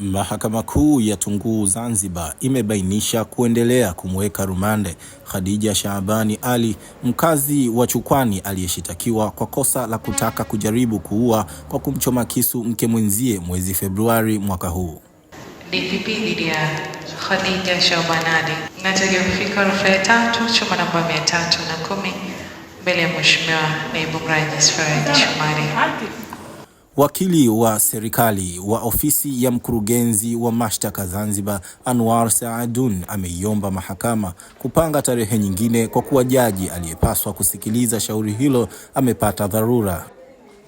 Mahakama Kuu ya Tunguu Zanzibar imebainisha kuendelea kumweka rumande Khadija Shaabani Ali, mkazi wa Chukwani aliyeshitakiwa kwa kosa la kutaka kujaribu kuua kwa kumchoma kisu mke mwenzie mwezi Februari mwaka huu. Ni vipindi ya Khadija Shaabani Ali natega kufika rufaa ya tatu chuma namba mia tatu na kumi mbele ya Mheshimiwa Naibu Rais Faraji Shumari. Wakili wa serikali wa ofisi ya mkurugenzi wa mashtaka Zanzibar, Anwar Saadun, ameiomba mahakama kupanga tarehe nyingine kwa kuwa jaji aliyepaswa kusikiliza shauri hilo amepata dharura.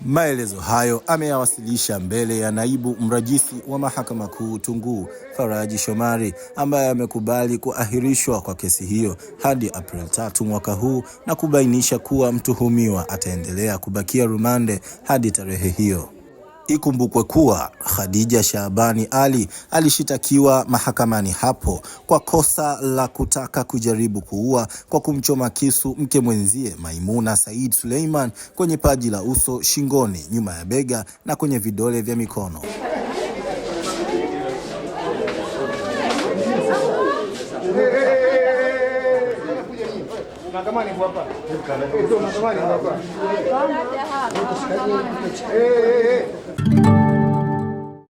Maelezo hayo ameyawasilisha mbele ya naibu mrajisi wa mahakama kuu Tunguu, Faraji Shomari, ambaye amekubali kuahirishwa kwa kesi hiyo hadi Aprili tatu mwaka huu na kubainisha kuwa mtuhumiwa ataendelea kubakia rumande hadi tarehe hiyo. Ikumbukwe kuwa Khadija Shaabani Ali alishitakiwa mahakamani hapo kwa kosa la kutaka kujaribu kuua kwa kumchoma kisu mke mwenzie Maimuna Said Suleiman kwenye paji la uso, shingoni, nyuma ya bega na kwenye vidole vya mikono. Natamani hapa. Ndio eh, natamani hapa. Ah, ah, ah, eh eh eh.